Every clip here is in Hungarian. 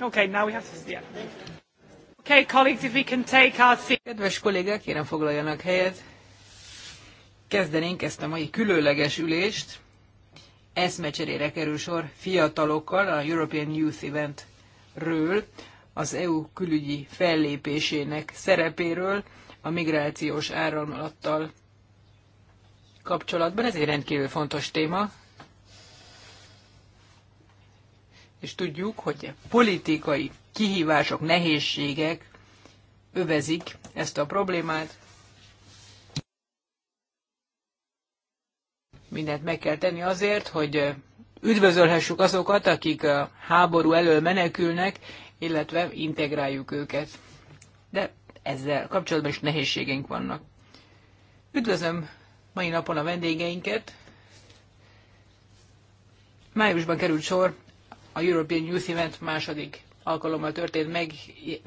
Okay, now we have to... Yeah. Okay, colleagues, if we can take our Kedves kollégák, kérem foglaljanak helyet. Kezdenénk ezt a mai különleges ülést. Eszmecserére kerül sor fiatalokkal a European Youth Eventről, az EU külügyi fellépésének szerepéről, a migrációs áramlattal kapcsolatban. Ez egy rendkívül fontos téma. és tudjuk, hogy politikai kihívások, nehézségek övezik ezt a problémát. Mindent meg kell tenni azért, hogy üdvözölhessük azokat, akik a háború elől menekülnek, illetve integráljuk őket. De ezzel kapcsolatban is nehézségeink vannak. Üdvözlöm mai napon a vendégeinket. Májusban került sor a European Youth Event második alkalommal történt meg,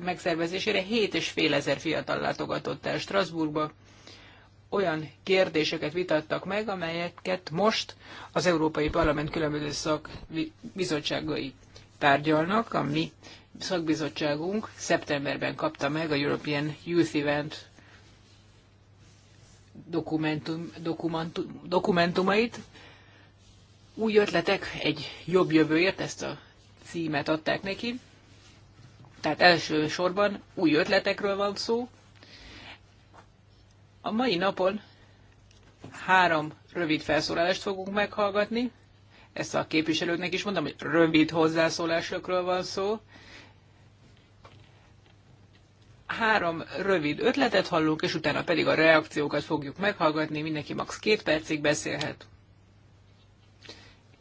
megszervezésére 7,5 ezer fiatal látogatott el Strasbourgba. Olyan kérdéseket vitattak meg, amelyeket most az Európai Parlament különböző szakbizottságai tárgyalnak. A mi szakbizottságunk szeptemberben kapta meg a European Youth Event dokumentum, dokumentum, dokumentumait. Új ötletek egy jobb jövőért, ezt a címet adták neki. Tehát elsősorban új ötletekről van szó. A mai napon három rövid felszólalást fogunk meghallgatni. Ezt a képviselőknek is mondom, hogy rövid hozzászólásokról van szó. Három rövid ötletet hallunk, és utána pedig a reakciókat fogjuk meghallgatni. Mindenki max. két percig beszélhet.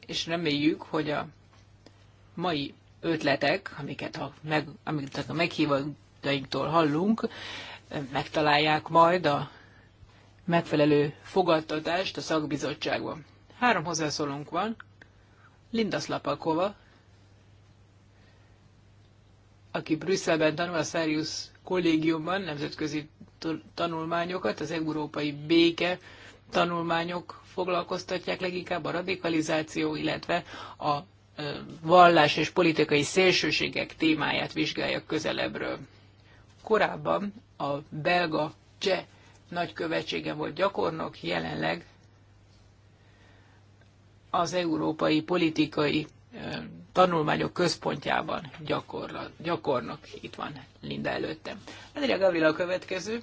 És reméljük, hogy a mai ötletek, amiket a, meg, amiket a meghívottainktól hallunk, megtalálják majd a megfelelő fogadtatást a szakbizottságban. Három hozzászólónk van. Linda Szlapakova, aki Brüsszelben tanul a Szárius kollégiumban nemzetközi tanulmányokat, az európai béke tanulmányok foglalkoztatják leginkább a radikalizáció, illetve a vallás és politikai szélsőségek témáját vizsgálja közelebbről. Korábban a belga cseh nagykövetsége volt gyakornok, jelenleg az európai politikai tanulmányok központjában gyakorla, gyakornok. Itt van Linda előttem. Andrea Gavila a következő.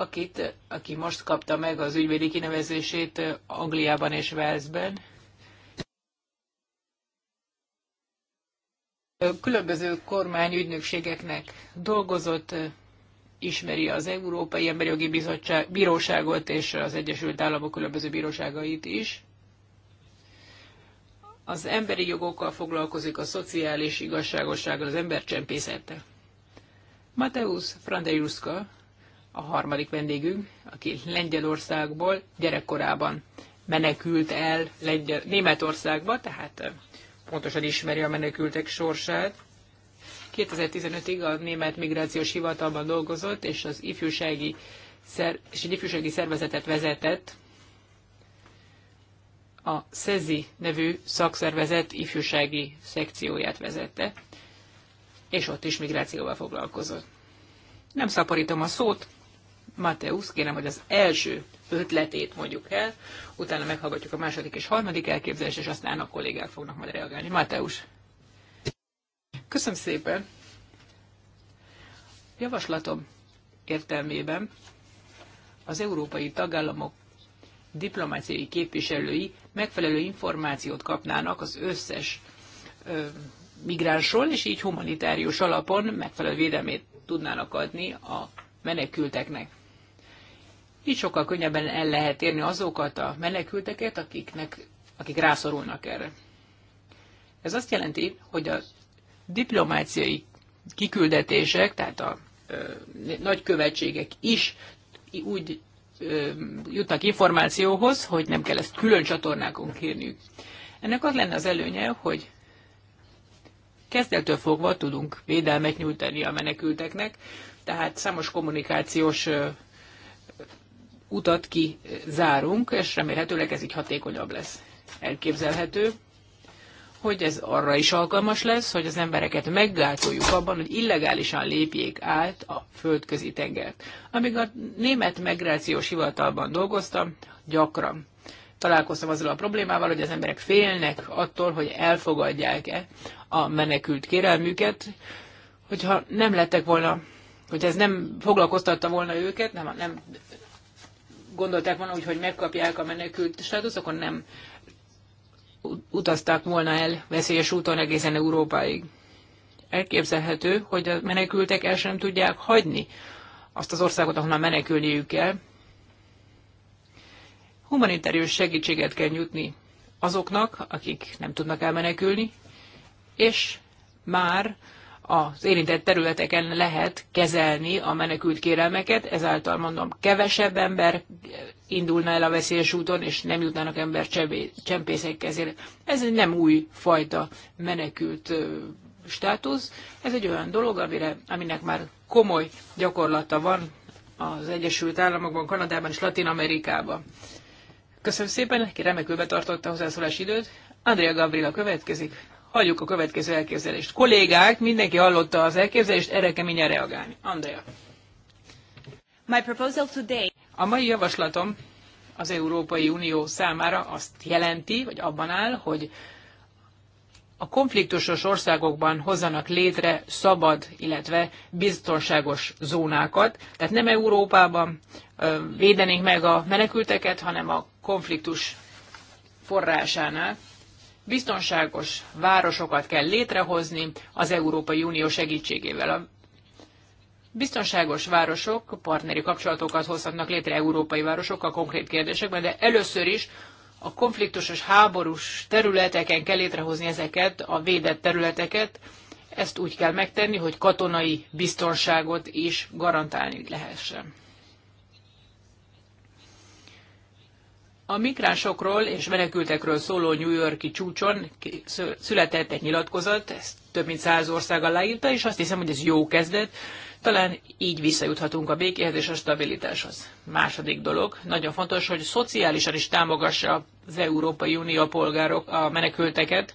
akit, aki most kapta meg az ügyvédi kinevezését Angliában és Walesben. Különböző kormányügynökségeknek dolgozott, ismeri az Európai Emberi Jogi Bizottság, Bíróságot és az Egyesült Államok különböző bíróságait is. Az emberi jogokkal foglalkozik a szociális igazságossággal, az embercsempészettel. Mateusz Frandejuszka, a harmadik vendégünk, aki Lengyelországból gyerekkorában menekült el Lengyel, Németországba, tehát pontosan ismeri a menekültek sorsát. 2015-ig a Német Migrációs Hivatalban dolgozott, és, az ifjúsági szer, és egy ifjúsági szervezetet vezetett, a SZEZI nevű szakszervezet ifjúsági szekcióját vezette, és ott is migrációval foglalkozott. Nem szaporítom a szót, Mateusz, kérem, hogy az első ötletét mondjuk el, utána meghallgatjuk a második és harmadik elképzelést, és aztán a kollégák fognak majd reagálni. Mateusz. Köszönöm szépen. Javaslatom értelmében az európai tagállamok diplomáciai képviselői megfelelő információt kapnának az összes ö, migránsról, és így humanitárius alapon megfelelő védelmét tudnának adni a menekülteknek. Így sokkal könnyebben el lehet érni azokat a menekülteket, akiknek, akik rászorulnak erre. Ez azt jelenti, hogy a diplomáciai kiküldetések, tehát a ö, nagykövetségek is úgy ö, jutnak információhoz, hogy nem kell ezt külön csatornákon kérniük. Ennek az lenne az előnye, hogy kezdettől fogva tudunk védelmet nyújtani a menekülteknek, tehát számos kommunikációs utat kizárunk, és remélhetőleg ez így hatékonyabb lesz. Elképzelhető, hogy ez arra is alkalmas lesz, hogy az embereket meggátoljuk abban, hogy illegálisan lépjék át a földközi tengert. Amíg a német migrációs hivatalban dolgoztam, gyakran találkoztam azzal a problémával, hogy az emberek félnek attól, hogy elfogadják-e a menekült kérelmüket, hogyha nem lettek volna, hogy ez nem foglalkoztatta volna őket, nem, nem gondolták volna úgy, hogy megkapják a menekült státuszt, akkor nem utazták volna el veszélyes úton egészen Európáig. Elképzelhető, hogy a menekültek el sem tudják hagyni azt az országot, ahonnan menekülniük kell. Humanitárius segítséget kell nyújtni azoknak, akik nem tudnak elmenekülni, és már az érintett területeken lehet kezelni a menekült kérelmeket, ezáltal mondom, kevesebb ember indulna el a veszélyes úton, és nem jutnának ember csempészek kezére. Ez egy nem új fajta menekült státusz, ez egy olyan dolog, amire, aminek már komoly gyakorlata van az Egyesült Államokban, Kanadában és Latin Amerikában. Köszönöm szépen, ki remekül betartotta a hozzászólás időt. Andrea Gabriela következik hagyjuk a következő elképzelést. Kollégák, mindenki hallotta az elképzelést, erre kell keményen reagálni. Andrea. My proposal today. A mai javaslatom az Európai Unió számára azt jelenti, vagy abban áll, hogy a konfliktusos országokban hozzanak létre szabad, illetve biztonságos zónákat. Tehát nem Európában védenénk meg a menekülteket, hanem a konfliktus forrásánál. Biztonságos városokat kell létrehozni az Európai Unió segítségével. A biztonságos városok partneri kapcsolatokat hozhatnak létre európai városokkal konkrét kérdésekben, de először is a konfliktusos háborús területeken kell létrehozni ezeket, a védett területeket, ezt úgy kell megtenni, hogy katonai biztonságot is garantálni lehessen. A migránsokról és menekültekről szóló New Yorki csúcson született egy nyilatkozat, ezt több mint száz ország aláírta, és azt hiszem, hogy ez jó kezdet. Talán így visszajuthatunk a békéhez és a stabilitáshoz. Második dolog, nagyon fontos, hogy szociálisan is támogassa az Európai Unió polgárok a menekülteket.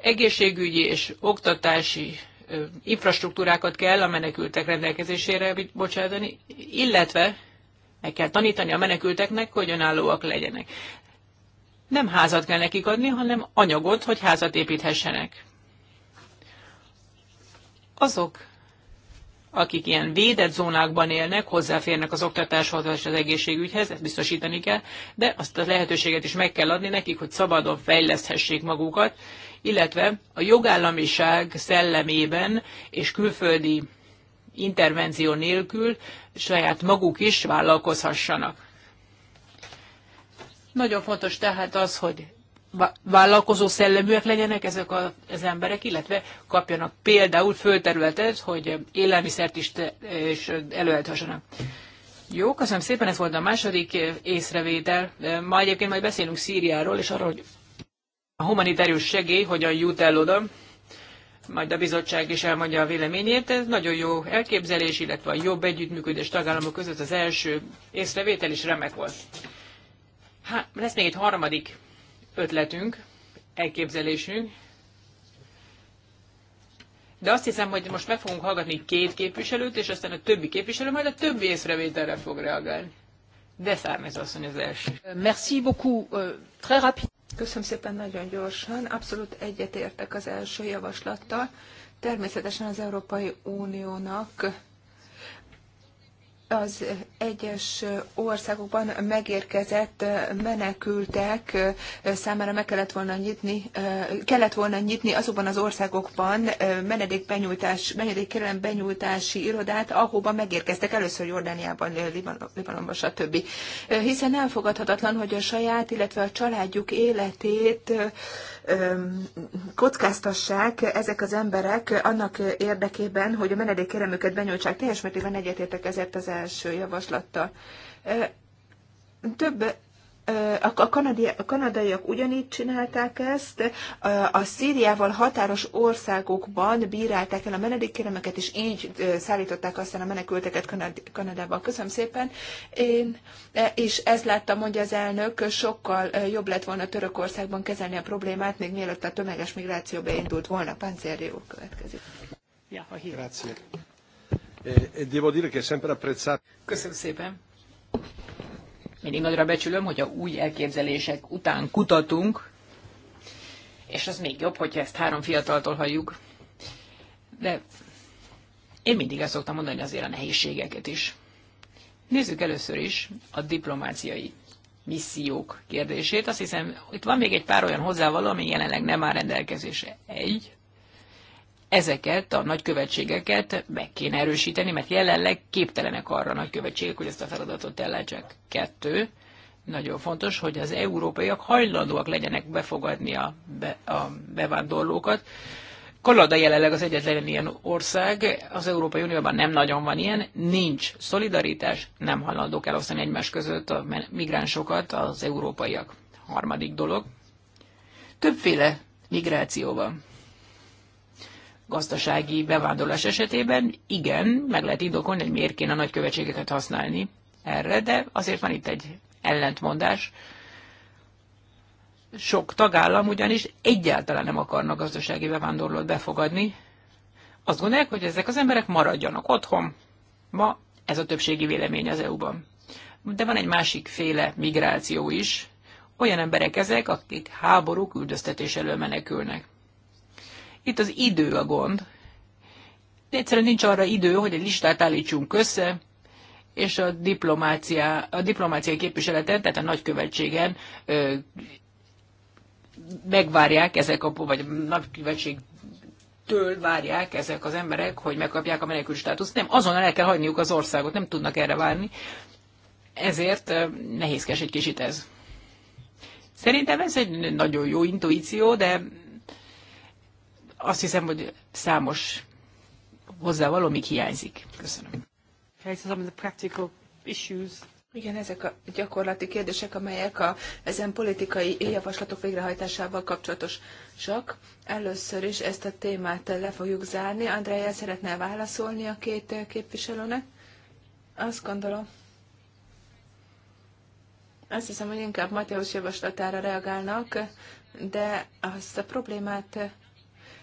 Egészségügyi és oktatási infrastruktúrákat kell a menekültek rendelkezésére bocsátani, illetve meg kell tanítani a menekülteknek, hogy önállóak legyenek. Nem házat kell nekik adni, hanem anyagot, hogy házat építhessenek. Azok, akik ilyen védett zónákban élnek, hozzáférnek az oktatáshoz és az egészségügyhez, ezt biztosítani kell, de azt a lehetőséget is meg kell adni nekik, hogy szabadon fejleszthessék magukat, illetve a jogállamiság szellemében és külföldi intervenció nélkül saját maguk is vállalkozhassanak. Nagyon fontos tehát az, hogy vállalkozó szelleműek legyenek ezek az emberek, illetve kapjanak például földterületet, hogy élelmiszert is, is Jó, köszönöm szépen, ez volt a második eh, észrevétel. Eh, ma egyébként majd beszélünk Szíriáról, és arról, hogy a humanitárius segély hogyan jut el oda majd a bizottság is elmondja a véleményét. Ez nagyon jó elképzelés, illetve a jobb együttműködés tagállamok között az első észrevétel is remek volt. Há, lesz még egy harmadik ötletünk, elképzelésünk, de azt hiszem, hogy most meg fogunk hallgatni két képviselőt, és aztán a többi képviselő majd a többi észrevételre fog reagálni. De Szárnéz asszony az első. Merci beaucoup. Euh, très rapide. Köszönöm szépen nagyon gyorsan. Abszolút egyetértek az első javaslattal. Természetesen az Európai Uniónak az egyes országokban megérkezett menekültek számára meg kellett volna nyitni, kellett volna nyitni azokban az országokban menedékbenyújtás, menedékkérelem benyújtási irodát, ahova megérkeztek először Jordániában, Libanonban, stb. Hiszen elfogadhatatlan, hogy a saját, illetve a családjuk életét kockáztassák ezek az emberek annak érdekében, hogy a menedékkérelmüket benyújtsák. Teljes mértékben egyetértek ezért az első javaslat javaslattal. Több a, kanadi, a kanadaiak ugyanígy csinálták ezt, a Szíriával határos országokban bírálták el a menedékkéremeket, és így szállították aztán a menekülteket Kanad, Kanadába. Köszönöm szépen. Én, és ez láttam, mondja az elnök, sokkal jobb lett volna Törökországban kezelni a problémát, még mielőtt a tömeges migráció beindult volna. Páncéri következik. Ja, Grazie. Eh, e devo dire che sempre apprezzato. Köszönöm szépen. Mindig nagyra becsülöm, hogyha új elképzelések után kutatunk, és az még jobb, hogyha ezt három fiataltól halljuk. De én mindig ezt szoktam mondani azért a nehézségeket is. Nézzük először is a diplomáciai missziók kérdését. Azt hiszem, itt van még egy pár olyan hozzávaló, ami jelenleg nem áll rendelkezésre. Egy, ezeket a nagykövetségeket meg kéne erősíteni, mert jelenleg képtelenek arra a nagykövetségek, hogy ezt a feladatot ellátsák. Kettő, nagyon fontos, hogy az európaiak hajlandóak legyenek befogadni a, be, a bevándorlókat. Kanada jelenleg az egyetlen ilyen ország, az Európai Unióban nem nagyon van ilyen, nincs szolidaritás, nem hajlandók elosztani egymás között a migránsokat az európaiak. Harmadik dolog. Többféle migráció van gazdasági bevándorlás esetében igen, meg lehet indokolni, hogy miért kéne a nagykövetségeket használni erre, de azért van itt egy ellentmondás. Sok tagállam ugyanis egyáltalán nem akarnak gazdasági bevándorlót befogadni. Azt gondolják, hogy ezek az emberek maradjanak otthon. Ma ez a többségi vélemény az EU-ban. De van egy másik féle migráció is. Olyan emberek ezek, akik háború üldöztetés elől menekülnek. Itt az idő a gond. Egyszerűen nincs arra idő, hogy egy listát állítsunk össze, és a diplomácia, a diplomáciai képviseleten, tehát a nagykövetségen ö, megvárják ezek a, vagy a nagykövetség től várják ezek az emberek, hogy megkapják a menekült státuszt. Nem, azonnal el kell hagyniuk az országot, nem tudnak erre várni. Ezért nehézkes egy kicsit ez. Szerintem ez egy nagyon jó intuíció, de azt hiszem, hogy számos hozzávaló még hiányzik. Köszönöm. Igen, ezek a gyakorlati kérdések, amelyek a, ezen politikai javaslatok végrehajtásával kapcsolatosak. Először is ezt a témát le fogjuk zárni. Andrea szeretne válaszolni a két képviselőnek? Azt gondolom. Azt hiszem, hogy inkább Mateusz javaslatára reagálnak, de azt a problémát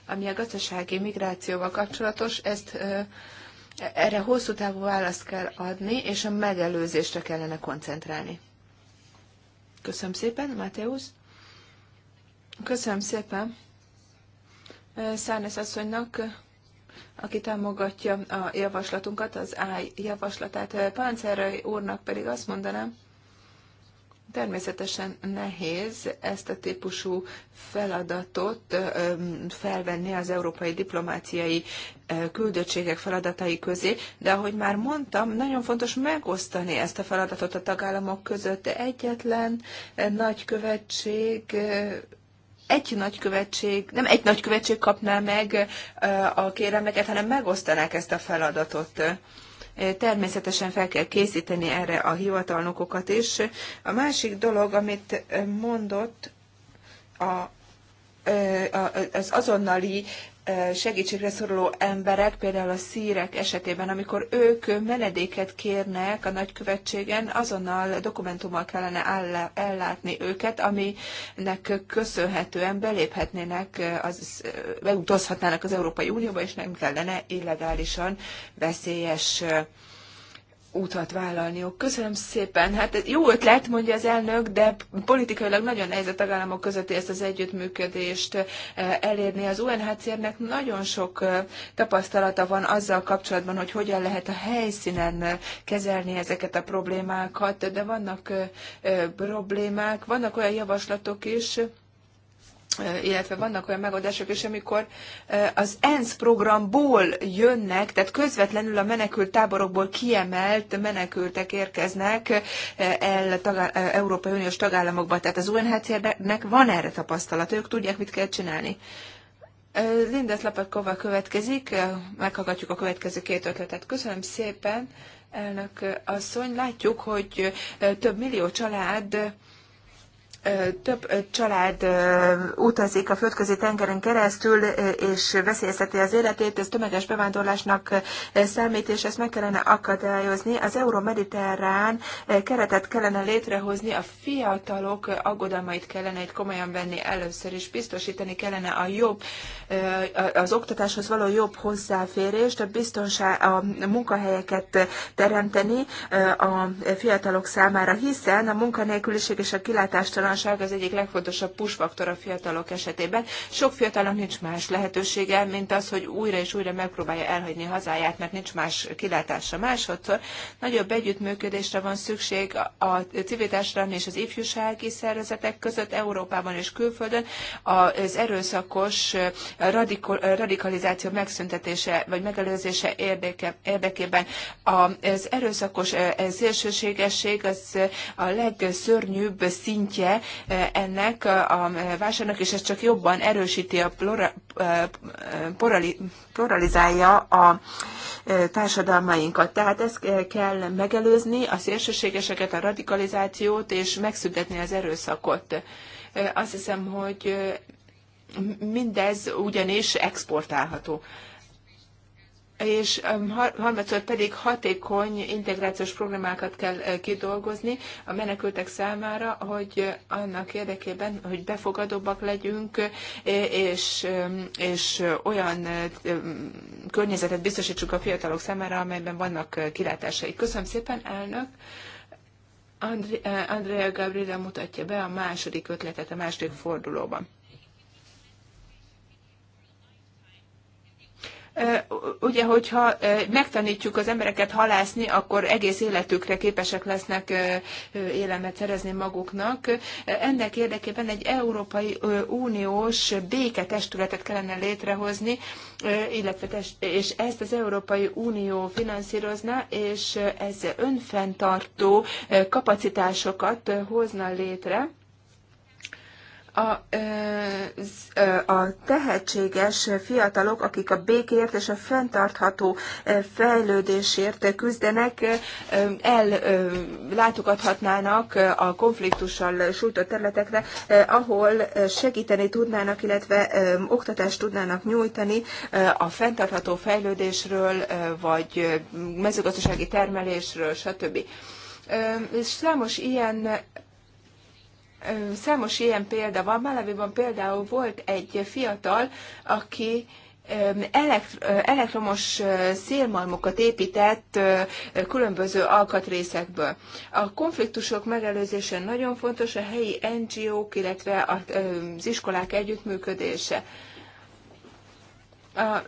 ami a gazdasági migrációval kapcsolatos, ezt erre hosszú távú választ kell adni, és a megelőzésre kellene koncentrálni. Köszönöm szépen, Mateusz. Köszönöm szépen Szárnes asszonynak, aki támogatja a javaslatunkat, az áj javaslatát. Páncerrai úrnak pedig azt mondanám, Természetesen nehéz ezt a típusú feladatot felvenni az európai diplomáciai küldöttségek feladatai közé, de ahogy már mondtam, nagyon fontos megosztani ezt a feladatot a tagállamok között. Egyetlen nagykövetség egy nagykövetség, nem egy nagykövetség kapná meg a kérelmeket, hanem megosztanák ezt a feladatot. Természetesen fel kell készíteni erre a hivatalnokokat is. A másik dolog, amit mondott, a, az azonnali segítségre szoruló emberek, például a szírek esetében, amikor ők menedéket kérnek a nagykövetségen, azonnal dokumentummal kellene ellátni őket, aminek köszönhetően beléphetnének, az, beutazhatnának az Európai Unióba, és nem kellene illegálisan veszélyes utat vállalniuk. Köszönöm szépen. Hát jó ötlet, mondja az elnök, de politikailag nagyon nehéz a tagállamok közötti ezt az együttműködést eh, elérni. Az UNHCR-nek nagyon sok eh, tapasztalata van azzal kapcsolatban, hogy hogyan lehet a helyszínen eh, kezelni ezeket a problémákat, de vannak problémák, vannak olyan javaslatok is, illetve vannak olyan megoldások is, amikor az ENSZ programból jönnek, tehát közvetlenül a menekült táborokból kiemelt menekültek érkeznek el Európai Uniós tagállamokba. Tehát az UNHCR-nek van erre tapasztalat, ők tudják, mit kell csinálni. Lindet Lapakova következik, meghallgatjuk a következő két ötletet. Köszönöm szépen, elnök asszony. Látjuk, hogy több millió család több család utazik a földközi tengeren keresztül, és veszélyezteti az életét, ez tömeges bevándorlásnak számít, és ezt meg kellene akadályozni. Az Euró-Mediterrán keretet kellene létrehozni, a fiatalok aggodalmait kellene itt komolyan venni először, és biztosítani kellene a jobb, az oktatáshoz való jobb hozzáférést, a, biztonság, a munkahelyeket teremteni a fiatalok számára, hiszen a munkanélküliség és a kilátástalan bizonytalanság az egyik legfontosabb pusfaktor a fiatalok esetében. Sok fiatalnak nincs más lehetősége, mint az, hogy újra és újra megpróbálja elhagyni hazáját, mert nincs más kilátása másodszor. Nagyobb együttműködésre van szükség a civil és az ifjúsági szervezetek között, Európában és külföldön. Az erőszakos eh, eh, radikalizáció megszüntetése vagy megelőzése érdeke, érdekében az erőszakos eh, szélsőségesség az a legszörnyűbb szintje ennek a vásárnak, és ez csak jobban erősíti a plura, e, pluralizálja a e, társadalmainkat. Tehát ezt kell megelőzni, a szélsőségeseket, a radikalizációt, és megszüntetni az erőszakot. E, azt hiszem, hogy mindez ugyanis exportálható és harmadszor pedig hatékony integrációs programákat kell eh, kidolgozni a menekültek számára, hogy eh, annak érdekében, hogy befogadóbbak legyünk, eh, és, és olyan környezetet biztosítsuk a fiatalok számára, amelyben vannak kilátásai. Köszönöm szépen, elnök! Andrea Gabriela mutatja be a második ötletet a második fordulóban. Ugye, hogyha megtanítjuk az embereket halászni, akkor egész életükre képesek lesznek élemet szerezni maguknak. Ennek érdekében egy Európai Uniós béketestületet kellene létrehozni, illetve test, és ezt az Európai Unió finanszírozna, és ez önfenntartó kapacitásokat hozna létre a, a tehetséges fiatalok, akik a békért és a fenntartható fejlődésért küzdenek, ellátogathatnának a konfliktussal sújtott területekre, ahol segíteni tudnának, illetve oktatást tudnának nyújtani a fenntartható fejlődésről, vagy mezőgazdasági termelésről, stb. És számos ilyen Számos ilyen példa van. Malawiban például volt egy fiatal, aki elektromos szélmalmokat épített különböző alkatrészekből. A konfliktusok megelőzése nagyon fontos, a helyi NGO-k, illetve az iskolák együttműködése. A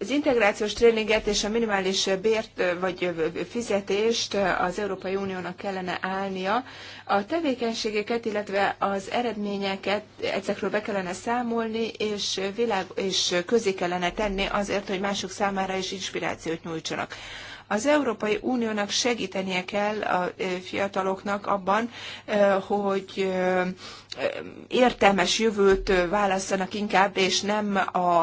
az integrációs tréninget és a minimális bért vagy fizetést az Európai Uniónak kellene állnia. A tevékenységeket, illetve az eredményeket ezekről be kellene számolni, és, világ, és közé kellene tenni azért, hogy mások számára is inspirációt nyújtsanak. Az Európai Uniónak segítenie kell a fiataloknak abban, hogy értelmes jövőt válasszanak inkább, és nem a,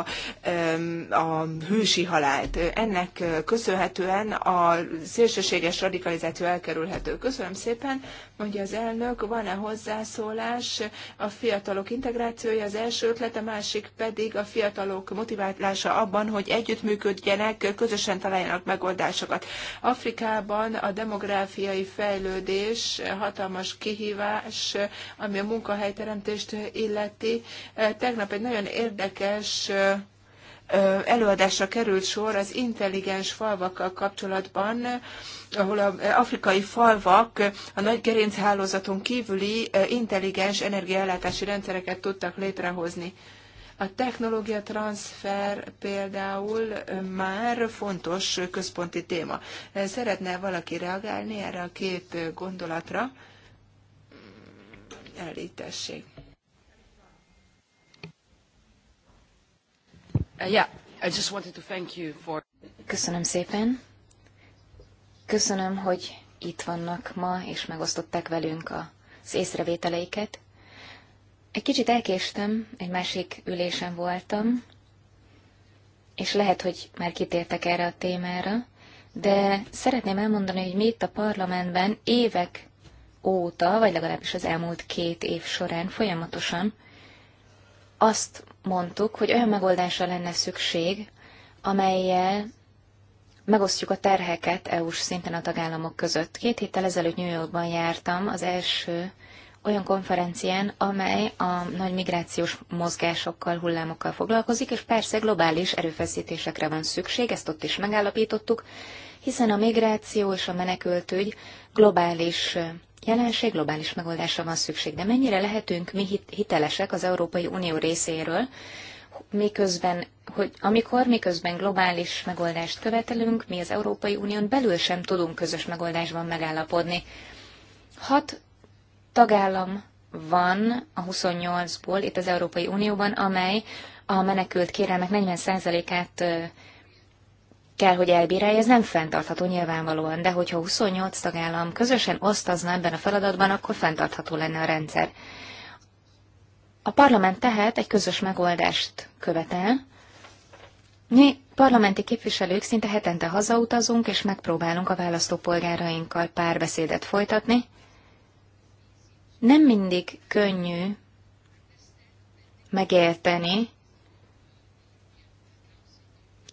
a hősi halált. Ennek köszönhetően a szélsőséges radikalizáció elkerülhető. Köszönöm szépen, mondja az elnök, van-e hozzászólás a fiatalok integrációja az első ötlet, a másik pedig a fiatalok motiválása abban, hogy együttműködjenek, közösen találjanak megoldásokat országokat. Afrikában a demográfiai fejlődés hatalmas kihívás, ami a munkahelyteremtést illeti. Tegnap egy nagyon érdekes előadásra került sor az intelligens falvakkal kapcsolatban, ahol az afrikai falvak a nagy gerinchálózaton kívüli intelligens energiaellátási rendszereket tudtak létrehozni. A technológia transfer például már fontos központi téma. Szeretne valaki reagálni erre a két gondolatra? Elítessék. Uh, yeah, I just wanted to thank you for... Köszönöm szépen. Köszönöm, hogy itt vannak ma, és megosztották velünk az észrevételeiket. Egy kicsit elkéstem, egy másik ülésen voltam, és lehet, hogy már kitértek erre a témára, de szeretném elmondani, hogy mi itt a parlamentben évek óta, vagy legalábbis az elmúlt két év során folyamatosan azt mondtuk, hogy olyan megoldásra lenne szükség, amelyel megosztjuk a terheket EU-s szinten a tagállamok között. Két héttel ezelőtt New Yorkban jártam az első olyan konferencián, amely a nagy migrációs mozgásokkal, hullámokkal foglalkozik, és persze globális erőfeszítésekre van szükség, ezt ott is megállapítottuk, hiszen a migráció és a menekültügy globális jelenség, globális megoldásra van szükség. De mennyire lehetünk mi hitelesek az Európai Unió részéről, miközben, hogy amikor miközben globális megoldást követelünk, mi az Európai Unión belül sem tudunk közös megoldásban megállapodni. Hat tagállam van a 28-ból itt az Európai Unióban, amely a menekült kérelmek 40%-át kell, hogy elbírálja, ez nem fenntartható nyilvánvalóan, de hogyha 28 tagállam közösen osztazna ebben a feladatban, akkor fenntartható lenne a rendszer. A parlament tehát egy közös megoldást követel. Mi parlamenti képviselők szinte hetente hazautazunk, és megpróbálunk a választópolgárainkkal párbeszédet folytatni, nem mindig könnyű megérteni,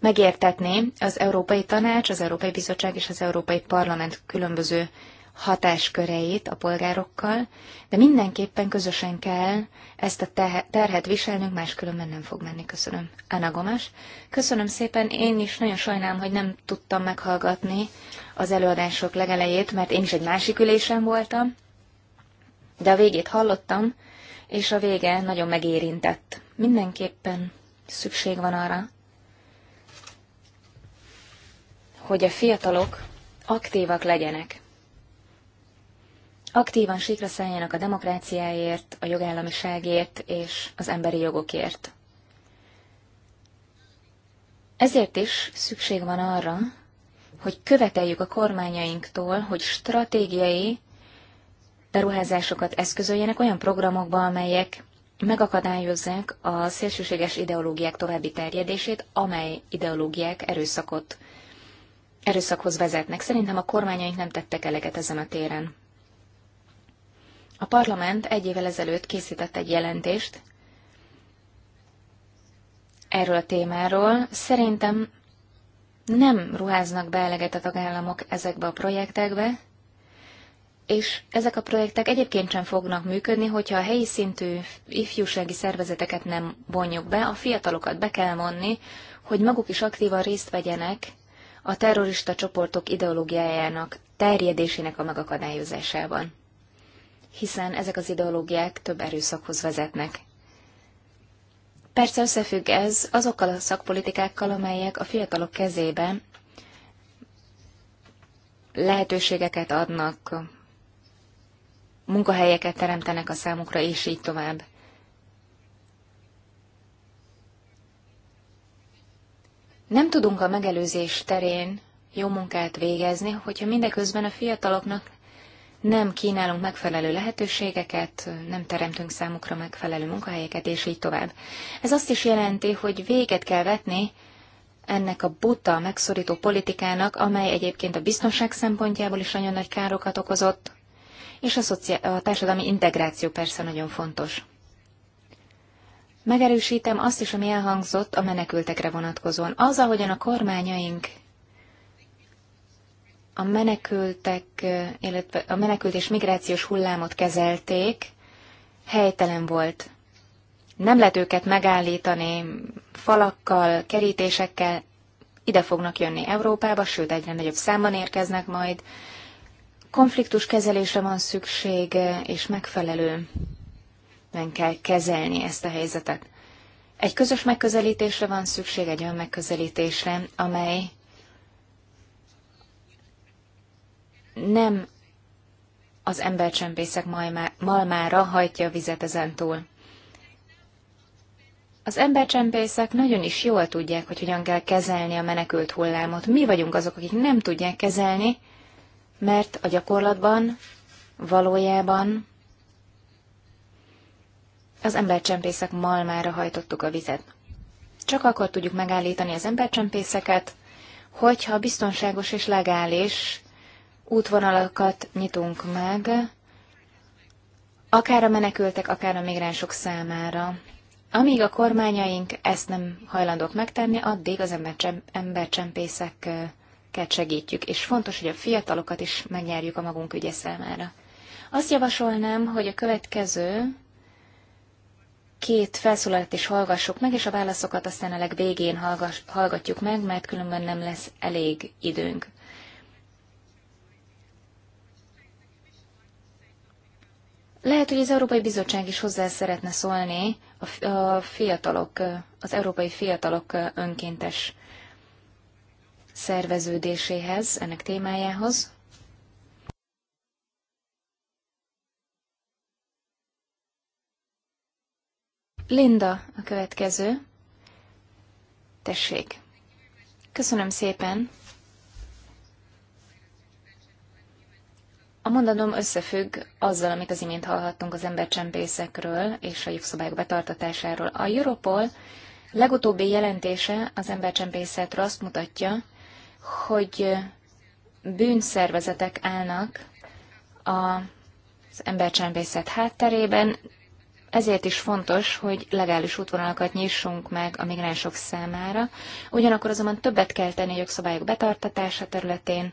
megértetni az Európai Tanács, az Európai Bizottság és az Európai Parlament különböző hatásköreit a polgárokkal, de mindenképpen közösen kell ezt a terhet viselnünk, máskülönben nem fog menni. Köszönöm. Anna Gomes. Köszönöm szépen. Én is nagyon sajnálom, hogy nem tudtam meghallgatni az előadások legelejét, mert én is egy másik ülésen voltam de a végét hallottam, és a vége nagyon megérintett. Mindenképpen szükség van arra, hogy a fiatalok aktívak legyenek. Aktívan síkra szálljanak a demokráciáért, a jogállamiságért és az emberi jogokért. Ezért is szükség van arra, hogy követeljük a kormányainktól, hogy stratégiai beruházásokat eszközöljenek olyan programokba, amelyek megakadályozzák a szélsőséges ideológiák további terjedését, amely ideológiák erőszakot, erőszakhoz vezetnek. Szerintem a kormányaink nem tettek eleget ezen a téren. A parlament egy évvel ezelőtt készített egy jelentést erről a témáról. Szerintem nem ruháznak be eleget a tagállamok ezekbe a projektekbe, és ezek a projektek egyébként sem fognak működni, hogyha a helyi szintű ifjúsági szervezeteket nem vonjuk be, a fiatalokat be kell vonni, hogy maguk is aktívan részt vegyenek a terrorista csoportok ideológiájának terjedésének a megakadályozásában. Hiszen ezek az ideológiák több erőszakhoz vezetnek. Persze összefügg ez azokkal a szakpolitikákkal, amelyek a fiatalok kezében lehetőségeket adnak munkahelyeket teremtenek a számukra, és így tovább. Nem tudunk a megelőzés terén jó munkát végezni, hogyha mindeközben a fiataloknak nem kínálunk megfelelő lehetőségeket, nem teremtünk számukra megfelelő munkahelyeket, és így tovább. Ez azt is jelenti, hogy véget kell vetni ennek a buta, megszorító politikának, amely egyébként a biztonság szempontjából is nagyon nagy károkat okozott, és a, a társadalmi integráció persze nagyon fontos. Megerősítem azt is, ami elhangzott a menekültekre vonatkozóan. Az, ahogyan a kormányaink a menekültek, illetve a menekült és migrációs hullámot kezelték, helytelen volt. Nem lehet őket megállítani falakkal, kerítésekkel, ide fognak jönni Európába, sőt egyre nagyobb számban érkeznek majd, Konfliktus kezelésre van szükség, és megfelelően kell kezelni ezt a helyzetet. Egy közös megközelítésre van szükség, egy olyan megközelítésre, amely nem az embercsempészek malmára hajtja a vizet ezentúl. Az embercsempészek nagyon is jól tudják, hogy hogyan kell kezelni a menekült hullámot. Mi vagyunk azok, akik nem tudják kezelni, mert a gyakorlatban valójában az embercsempészek malmára hajtottuk a vizet. Csak akkor tudjuk megállítani az embercsempészeket, hogyha biztonságos és legális útvonalakat nyitunk meg, akár a menekültek, akár a migránsok számára. Amíg a kormányaink ezt nem hajlandók megtenni, addig az embercsempészek segítjük, és fontos, hogy a fiatalokat is megnyerjük a magunk ügye számára. Azt javasolnám, hogy a következő két felszólalat is hallgassuk meg, és a válaszokat aztán a legvégén hallgass, hallgatjuk meg, mert különben nem lesz elég időnk. Lehet, hogy az Európai Bizottság is hozzá szeretne szólni a fiatalok, az európai fiatalok önkéntes szerveződéséhez, ennek témájához. Linda a következő. Tessék. Köszönöm szépen. A mondanom összefügg azzal, amit az imént hallhattunk az embercsempészekről és a jogszabályok betartatásáról. A Europol legutóbbi jelentése az embercsempészetről azt mutatja, hogy bűnszervezetek állnak az embercsempészet hátterében, ezért is fontos, hogy legális útvonalakat nyissunk meg a migránsok számára. Ugyanakkor azonban többet kell tenni a jogszabályok betartatása területén,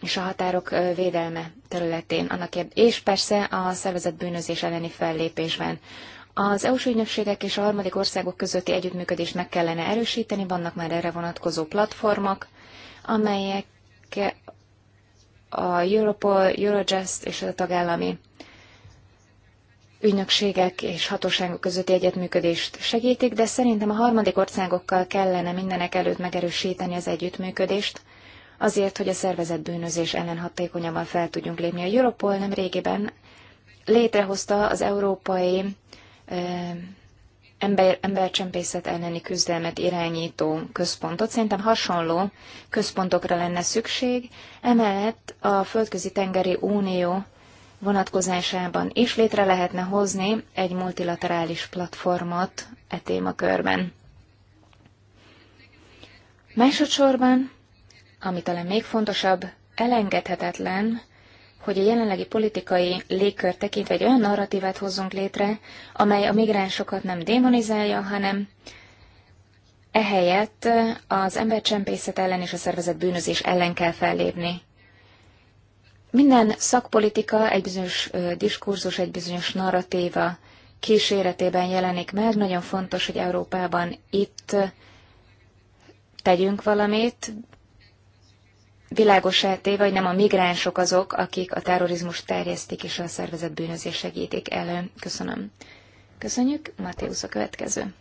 és a határok védelme területén, annak és persze a szervezett bűnözés elleni fellépésben. Az EU-s ügynökségek és a harmadik országok közötti együttműködést meg kellene erősíteni, vannak már erre vonatkozó platformok, amelyek a Europol, Eurojust és a tagállami ügynökségek és hatóságok közötti együttműködést segítik, de szerintem a harmadik országokkal kellene mindenek előtt megerősíteni az együttműködést, azért, hogy a szervezett bűnözés ellen hatékonyabban fel tudjunk lépni. A Europol nem régiben létrehozta az európai ember, embercsempészet elleni küzdelmet irányító központot. Szerintem hasonló központokra lenne szükség. Emellett a Földközi Tengeri Unió vonatkozásában is létre lehetne hozni egy multilaterális platformot e témakörben. Másodszorban, ami talán még fontosabb, elengedhetetlen, hogy a jelenlegi politikai légkör tekintve egy olyan narratívát hozzunk létre, amely a migránsokat nem démonizálja, hanem ehelyett az embercsempészet ellen és a szervezet bűnözés ellen kell fellépni. Minden szakpolitika egy bizonyos diskurzus, egy bizonyos narratíva kíséretében jelenik meg. Nagyon fontos, hogy Európában itt tegyünk valamit, világosá téve, hogy nem a migránsok azok, akik a terrorizmust terjesztik és a szervezett bűnözés segítik elő. Köszönöm. Köszönjük. Mateusz a következő.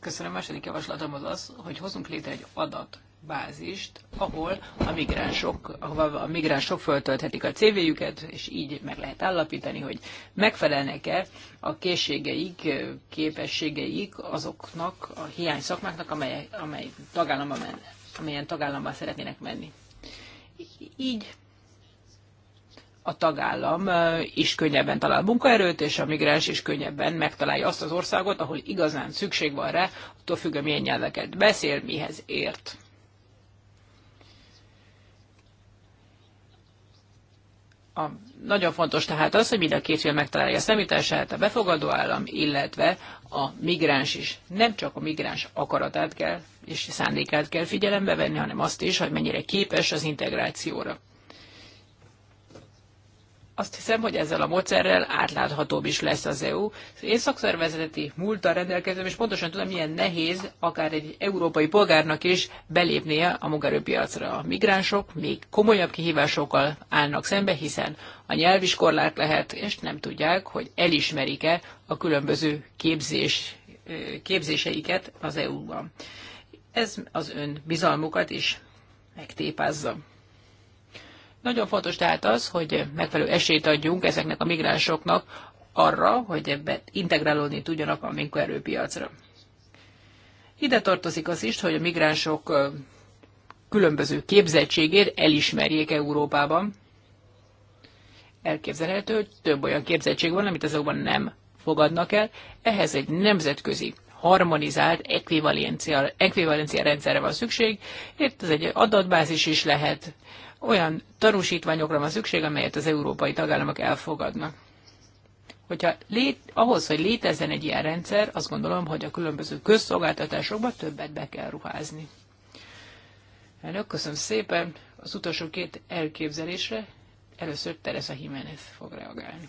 Köszönöm. Második javaslatom az az, hogy hozunk létre egy adatbázist, ahol a migránsok, ahova a migránsok föltölthetik a CV-jüket, és így meg lehet állapítani, hogy megfelelnek-e a készségeik, képességeik azoknak a hiány szakmáknak, amely, amely tagállamban amilyen tagállamba szeretnének menni. Így a tagállam is könnyebben talál munkaerőt, és a migráns is könnyebben megtalálja azt az országot, ahol igazán szükség van rá, attól függően milyen nyelveket beszél, mihez ért. A, nagyon fontos tehát az, hogy mind a két fél megtalálja a szemítását, a befogadó állam, illetve a migráns is. Nem csak a migráns akaratát kell és szándékát kell figyelembe venni, hanem azt is, hogy mennyire képes az integrációra azt hiszem, hogy ezzel a módszerrel átláthatóbb is lesz az EU. Én szakszervezeti múltal rendelkezem, és pontosan tudom, milyen nehéz akár egy európai polgárnak is belépnie a munkerőpiacra. A migránsok még komolyabb kihívásokkal állnak szembe, hiszen a nyelv is korlát lehet, és nem tudják, hogy elismerik-e a különböző képzés, képzéseiket az EU-ban. Ez az ön bizalmukat is megtépázza. Nagyon fontos tehát az, hogy megfelelő esélyt adjunk ezeknek a migránsoknak arra, hogy ebbe integrálódni tudjanak a munkaerőpiacra. Ide tartozik az is, hogy a migránsok különböző képzettségét elismerjék Európában. Elképzelhető, hogy több olyan képzettség van, amit azokban nem fogadnak el. Ehhez egy nemzetközi harmonizált ekvivalencia, ekvivalencia rendszerre van szükség. Itt ez egy adatbázis is lehet, olyan tanúsítványokra van szükség, amelyet az európai tagállamok elfogadnak. Hogyha lét, ahhoz, hogy létezzen egy ilyen rendszer, azt gondolom, hogy a különböző közszolgáltatásokba többet be kell ruházni. Elnök, köszönöm szépen. Az utolsó két elképzelésre először Teresa Jiménez fog reagálni.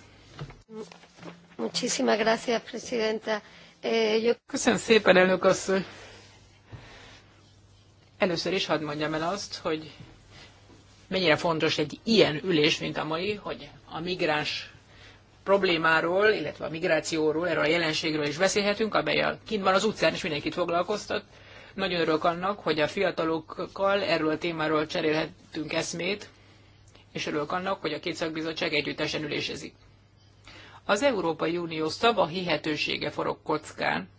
Muchísimas gracias, presidenta. Eh, köszönöm szépen, elnök asszony. Először is hadd mondjam el azt, hogy mennyire fontos egy ilyen ülés, mint a mai, hogy a migráns problémáról, illetve a migrációról, erről a jelenségről is beszélhetünk, amely a, kint van az utcán, és mindenkit foglalkoztat. Nagyon örülök annak, hogy a fiatalokkal erről a témáról cserélhetünk eszmét, és örülök annak, hogy a két szakbizottság együttesen ülésezik. Az Európai Unió szava hihetősége forog kockán.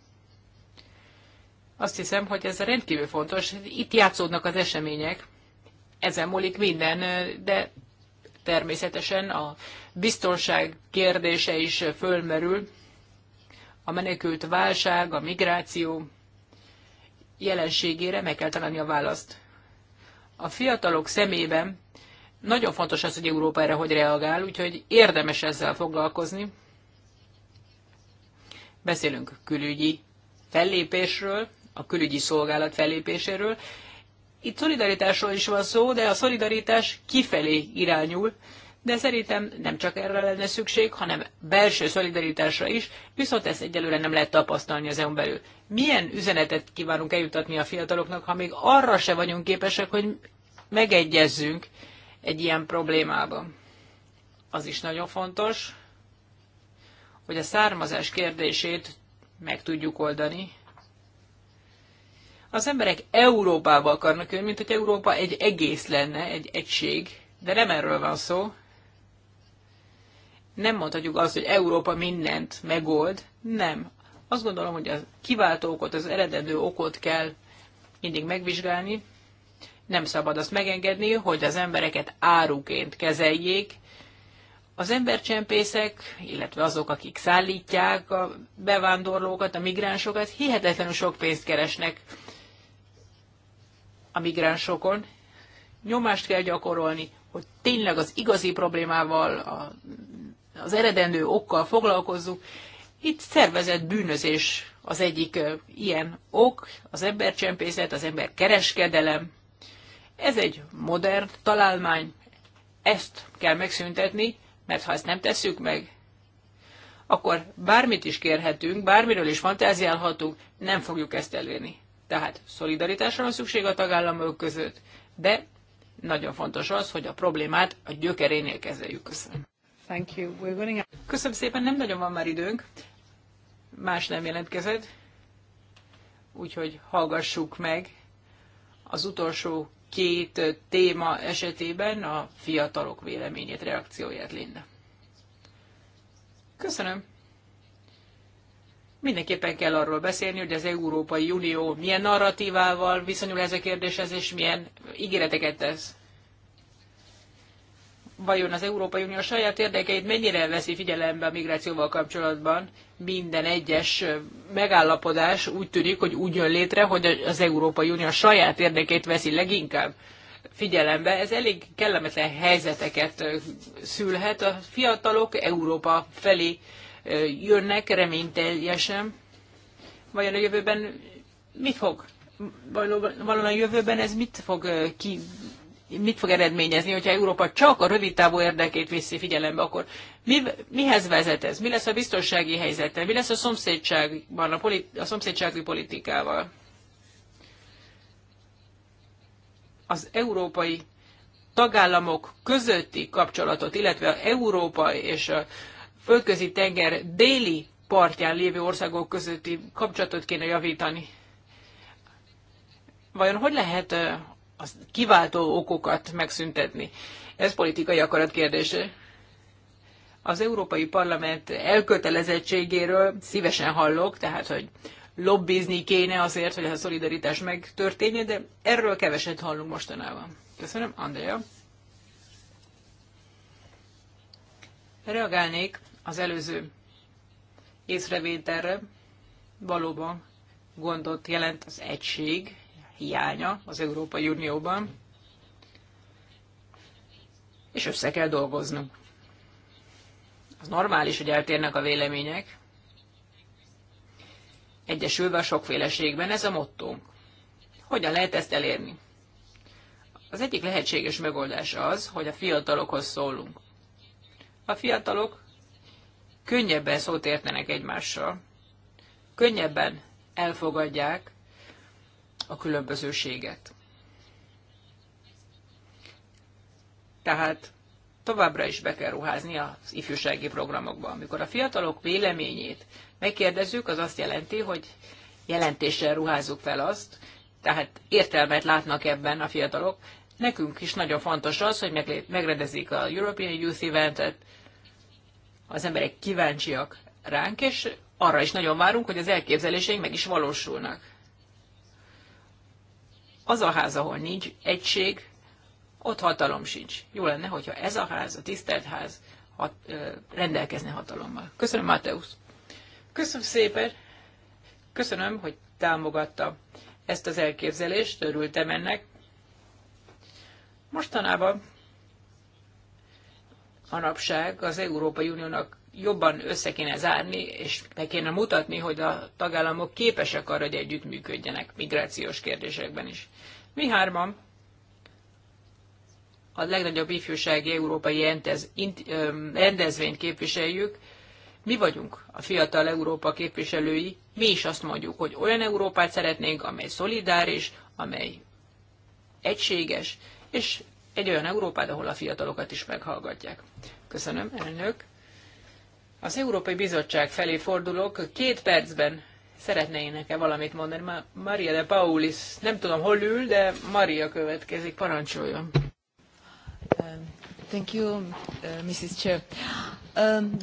Azt hiszem, hogy ez rendkívül fontos. Itt játszódnak az események, ezen múlik minden, de természetesen a biztonság kérdése is fölmerül. A menekült válság, a migráció jelenségére meg kell találni a választ. A fiatalok szemében nagyon fontos az, hogy Európa erre hogy reagál, úgyhogy érdemes ezzel foglalkozni. Beszélünk külügyi fellépésről, a külügyi szolgálat fellépéséről, itt szolidaritásról is van szó, de a szolidaritás kifelé irányul, de szerintem nem csak erre lenne szükség, hanem belső szolidaritásra is, viszont ezt egyelőre nem lehet tapasztalni az EU-n belül. Milyen üzenetet kívánunk eljutatni a fiataloknak, ha még arra se vagyunk képesek, hogy megegyezzünk egy ilyen problémában? Az is nagyon fontos, hogy a származás kérdését meg tudjuk oldani, az emberek Európába akarnak jönni, mint hogy Európa egy egész lenne, egy egység, de nem erről van szó. Nem mondhatjuk azt, hogy Európa mindent megold, nem. Azt gondolom, hogy a kiváltó okot, az eredendő okot kell mindig megvizsgálni. Nem szabad azt megengedni, hogy az embereket áruként kezeljék, az embercsempészek, illetve azok, akik szállítják a bevándorlókat, a migránsokat, hihetetlenül sok pénzt keresnek a migránsokon, nyomást kell gyakorolni, hogy tényleg az igazi problémával, a, az eredendő okkal foglalkozzuk. Itt szervezett bűnözés az egyik ilyen ok, az embercsempészet, az ember kereskedelem. Ez egy modern találmány, ezt kell megszüntetni, mert ha ezt nem tesszük meg, akkor bármit is kérhetünk, bármiről is fantáziálhatunk, nem fogjuk ezt elérni. Tehát szolidaritásra van szükség a tagállamok között, de nagyon fontos az, hogy a problémát a gyökerénél kezeljük. Köszönöm. Thank you. We're going... Köszönöm szépen, nem nagyon van már időnk. Más nem jelentkezett. Úgyhogy hallgassuk meg az utolsó két téma esetében a fiatalok véleményét, reakcióját, Linda. Köszönöm. Mindenképpen kell arról beszélni, hogy az Európai Unió milyen narratívával viszonyul ez a kérdéshez, és milyen ígéreteket tesz. Vajon az Európai Unió saját érdekeit mennyire veszi figyelembe a migrációval kapcsolatban? Minden egyes megállapodás úgy tűnik, hogy úgy jön létre, hogy az Európai Unió saját érdekét veszi leginkább figyelembe. Ez elég kellemetlen helyzeteket szülhet. A fiatalok Európa felé jönnek reményteljesen. Vajon a jövőben mit fog? Valóban a jövőben ez mit fog ki, mit fog eredményezni, hogyha Európa csak a rövid távú érdekét viszi figyelembe, akkor mi, mihez vezet ez? Mi lesz a biztonsági helyzete? Mi lesz a szomszédságban, a, politi- a szomszédsági politikával? Az európai tagállamok közötti kapcsolatot, illetve Európa és a földközi tenger déli partján lévő országok közötti kapcsolatot kéne javítani. Vajon hogy lehet a kiváltó okokat megszüntetni? Ez politikai akarat kérdése. Az Európai Parlament elkötelezettségéről szívesen hallok, tehát hogy lobbizni kéne azért, hogy a szolidaritás megtörténjen, de erről keveset hallunk mostanában. Köszönöm, Andrea. Reagálnék az előző észrevételre valóban gondot jelent az egység hiánya az Európai Unióban, és össze kell dolgoznunk. Az normális, hogy eltérnek a vélemények, egyesülve a sokféleségben, ez a mottónk. Hogyan lehet ezt elérni? Az egyik lehetséges megoldás az, hogy a fiatalokhoz szólunk. A fiatalok könnyebben szót értenek egymással, könnyebben elfogadják a különbözőséget. Tehát továbbra is be kell ruházni az ifjúsági programokba. Amikor a fiatalok véleményét megkérdezzük, az azt jelenti, hogy jelentéssel ruházzuk fel azt, tehát értelmet látnak ebben a fiatalok. Nekünk is nagyon fontos az, hogy megrendezik a European Youth Eventet, az emberek kíváncsiak ránk, és arra is nagyon várunk, hogy az elképzeléseink meg is valósulnak. Az a ház, ahol nincs egység, ott hatalom sincs. Jó lenne, hogyha ez a ház, a tisztelt ház hat, ö, rendelkezne hatalommal. Köszönöm, Mateusz. Köszönöm szépen. Köszönöm, hogy támogatta ezt az elképzelést, örültem ennek. Mostanában manapság az Európai Uniónak jobban össze kéne zárni, és be kéne mutatni, hogy a tagállamok képesek arra, hogy együttműködjenek migrációs kérdésekben is. Mi hárman a legnagyobb ifjúsági európai rendez, int, ö, rendezvényt képviseljük, mi vagyunk a fiatal Európa képviselői, mi is azt mondjuk, hogy olyan Európát szeretnénk, amely szolidáris, amely egységes, és egy olyan Európát, ahol a fiatalokat is meghallgatják. Köszönöm, elnök. Az Európai Bizottság felé fordulok. Két percben szeretnének-e valamit mondani? Maria de Paulis, nem tudom hol ül, de Maria következik, parancsoljon. Um, thank you, uh, Mrs. Chair. Um,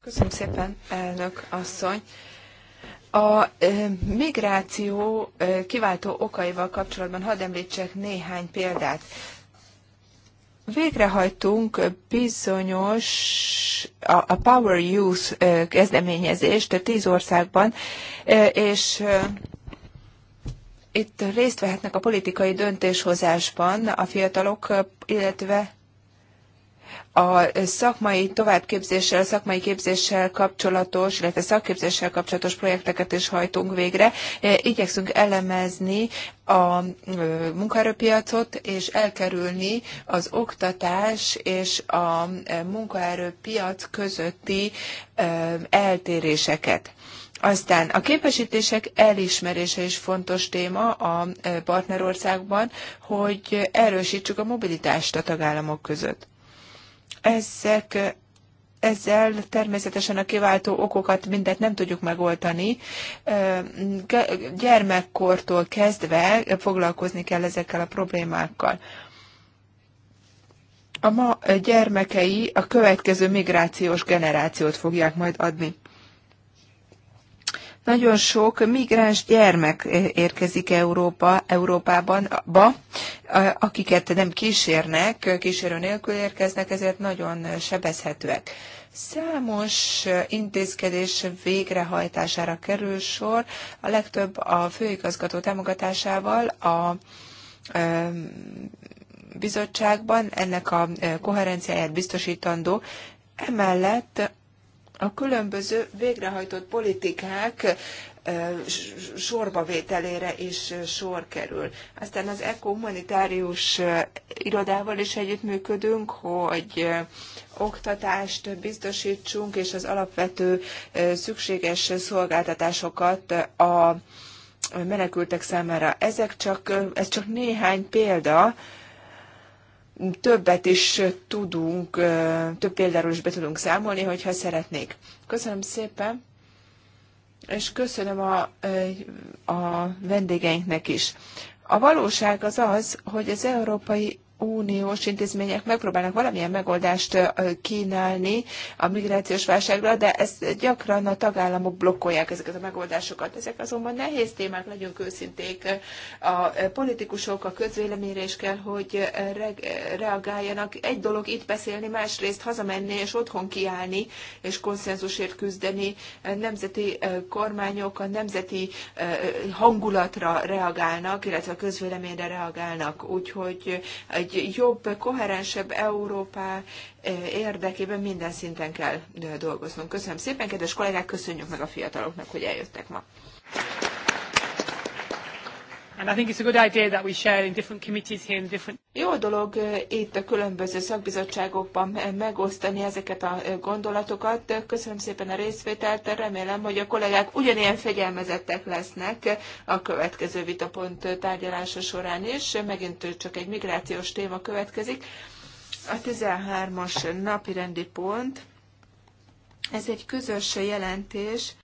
Köszönöm szépen, elnök asszony. A migráció kiváltó okaival kapcsolatban hadd említsek néhány példát végrehajtunk bizonyos a, a Power Youth kezdeményezést tíz országban, és itt részt vehetnek a politikai döntéshozásban a fiatalok, illetve a szakmai továbbképzéssel, szakmai képzéssel kapcsolatos, illetve szakképzéssel kapcsolatos projekteket is hajtunk végre. E, igyekszünk elemezni a munkaerőpiacot, és elkerülni az oktatás és a e, munkaerőpiac közötti eltéréseket. Aztán a képesítések elismerése is fontos téma a e, partnerországban, hogy erősítsük a mobilitást a tagállamok között. Ezek ezzel természetesen a kiváltó okokat mindet nem tudjuk megoldani. Gyermekkortól kezdve foglalkozni kell ezekkel a problémákkal. A ma gyermekei a következő migrációs generációt fogják majd adni. Nagyon sok migráns gyermek érkezik Európa, Európában, ba, akiket nem kísérnek, kísérő nélkül érkeznek, ezért nagyon sebezhetőek. Számos intézkedés végrehajtására kerül sor, a legtöbb a főigazgató támogatásával a bizottságban ennek a koherenciáját biztosítandó. Emellett a különböző végrehajtott politikák sorbavételére is sor kerül. Aztán az ECO humanitárius irodával is együttműködünk, hogy oktatást biztosítsunk, és az alapvető szükséges szolgáltatásokat a menekültek számára. Ezek csak, ez csak néhány példa, többet is tudunk, több példáról is be tudunk számolni, hogyha szeretnék. Köszönöm szépen, és köszönöm a, a vendégeinknek is. A valóság az az, hogy az Európai uniós intézmények megpróbálnak valamilyen megoldást kínálni a migrációs válságra, de ezt gyakran a tagállamok blokkolják ezeket a megoldásokat. Ezek azonban nehéz témák, legyünk őszinték. A politikusok, a közvéleményre is kell, hogy reagáljanak. Egy dolog itt beszélni, másrészt hazamenni és otthon kiállni és konszenzusért küzdeni. nemzeti kormányok a nemzeti hangulatra reagálnak, illetve a közvéleményre reagálnak. Úgyhogy egy jobb, koherensebb Európá eh, érdekében minden szinten kell eh, dolgoznunk. Köszönöm szépen, kedves kollégák, köszönjük meg a fiataloknak, hogy eljöttek ma. And I think it's a good idea that we share in different committees here in different... Jó dolog eh, itt a különböző szakbizottságokban megosztani ezeket a eh, gondolatokat. Köszönöm szépen a részvételt, remélem, hogy a kollégák ugyanilyen fegyelmezettek lesznek a következő vitapont tárgyalása során is. Megint csak egy migrációs téma következik. A 13-as napi rendi pont. Ez egy közös jelentés.